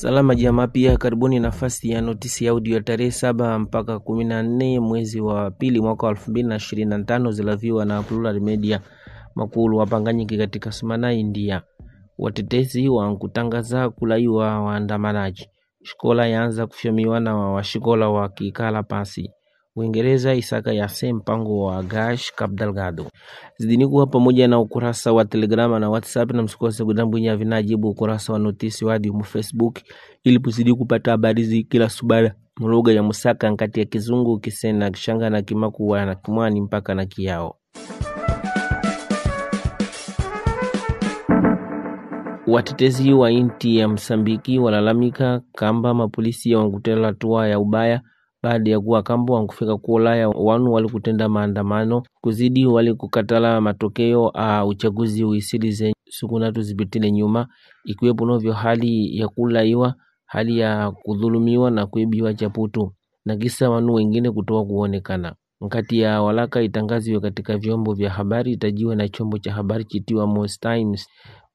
Salama jamaa, pia karibuni nafasi ya notisi ya audio tarehe saba mpaka kumi na nne mwezi wa pili mwaka wa elfu mbili na ishirini na tano zilaviwa na Plural Media. Makulu wapanganyiki katika sumana India, watetezi wankutangaza kulaiwa waandamanaji, shikola yaanza kufyomiwa na washikola wakikala pasi Uingereza Isaka Yase mpango wa Gash Kabdalgado. Zidini kuwa pamoja na ukurasa wa Telegrama na WhatsApp, na msikose kutambwinya vinajibu ukurasa wa notisi wadi mu Facebook ili kuzidi kupata habari zi kila subara mulugha ya Musaka nkati ya Kizungu, Kisena, Kishanga na Kimakuwa na Kimwani mpaka na Kiyao. Watetezi wa inti ya Msambiki walalamika kamba mapolisi wangutela hatua ya ubaya baada ya Wakakambu kufika ku Ulaya wanu walikutenda maandamano kuzidi walikukatala matokeo a uchaguzi uisilize natu zipitile nyuma ikiwepo novyo hali ya kulaiwa hali ya kudhulumiwa na kuibiwa chaputu na kisa wanu wengine kutoa kuonekana mkati ya walaka itangaziwe katika vyombo vya habari itajiwe na chombo cha habari chitiwa Most Times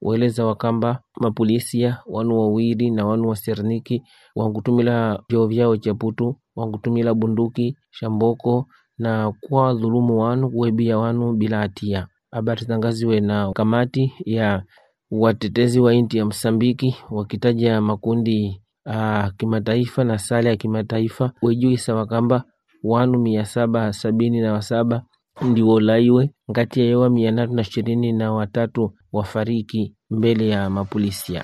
weleza wakamba mapolisia wanu wawili na wanu Serniki wankutumila vyoo vyao chaputu wakutumila bunduki shamboko na dhulumu wanu kuwebia wanu bila hatia habari tangaziwe na kamati ya watetezi wa inti ya Msambiki wakitaja makundi a, ah, kimataifa na sale ya kimataifa wejui sawa kamba wanu mia saba sabini na wasaba ndiwolaiwe ngati ya yewa mia natu na ishirini na watatu wafariki mbele ya mapolisia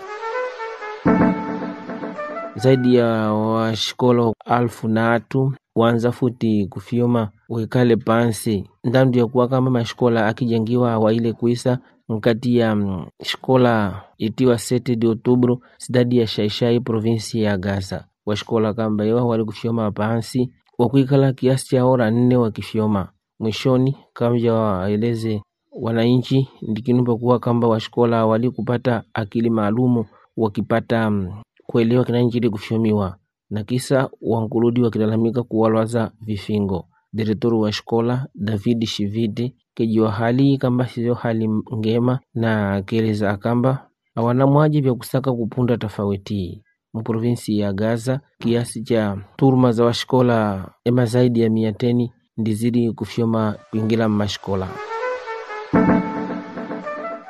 zaidi ya washikolo alfu naatu wanza futi kufyuma uikale pansi ndandu ya kuwa kama mashikola akijengiwa waile kuisa nkati ya mm, shikola itiwa sete de otubru sidadi ya shaishai provinsi ya gaza washikola kamba wali kufyuma pansi wakuikala kiasi cha ora nne wakifyoma mwishoni kamja waeleze wananchi ndikinupa kuwa kamba washikola kupata akili maalumu wakipata mm, kuelewa kinachozidi kushumiwa na kisa wangurudi wakilalamika kuwalwaza vifingo direktori wa shkola david Shividi kejiwa hali kamba siyo hali ngema na keleza akamba awanamwaji vya kusaka kupunda tofauti muprovinsi ya Gaza kiasi cha turma za washkola ema zaidi ya mia teni kufyoma kuingila mmashkola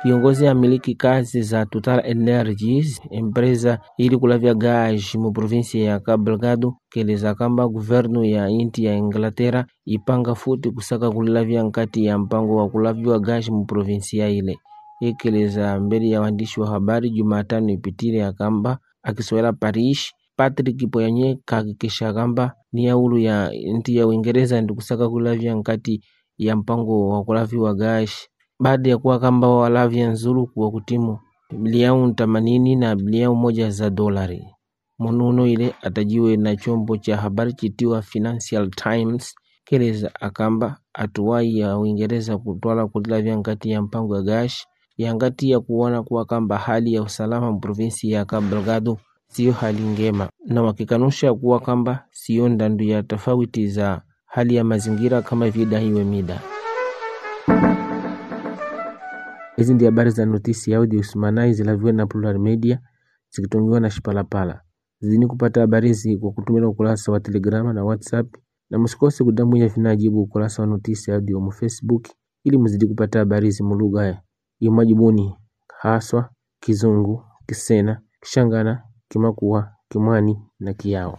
ya amiliki kazi za Total Energies empresa ili kulavya gas mu provinsia ya Cabo Delgado keleza kamba guvernu ya inti ya Inglaterra ipanga futi kusaka kulilavya nkati ya mpango wa kulavyiwa gas mu ya ile. Ikeleza mbele ya waandishi wa habari Jumatano ipitile akamba akiswela Paris, Patrick Poyanye kahakikisha kamba ni yaulu ya nti ya Uingereza ndikusaka kulavya nkati ya mpango wa kulavyiwa gas baada ya kuwa kamba walavya nzurukhu kutimu bibiliya ntamanini na abiliya moja za dolari, munuuno ile atajiwe na chombo cha habari chitiwa Financial Times keleza akamba atuwai ya Uingereza kutwala kulilavya ngati ya mpango ya Gash yangati ya kuona kuwa kamba hali ya usalama mprovinsi ya kabelgado siyo hali ngema, na wakikanusha kuwa kamba siyo ndandu ya tofauti za hali ya mazingira kama vidaiwe mida Hizi ndi habari za notisi audio usimamizi zilaviwe na Plural Media zikitungiwa na Shipalapala. Zini kupata habari hizi kwa kutumia ukurasa wa Telegram na WhatsApp na msikose kudambwinya vinajibu ukurasa wa notisi audio mu Facebook ili mzidi kupata habari hizi mu lugha ya majibuni haswa Kizungu, Kisena, Kishangana, Kimakua, Kimwani na Kiao.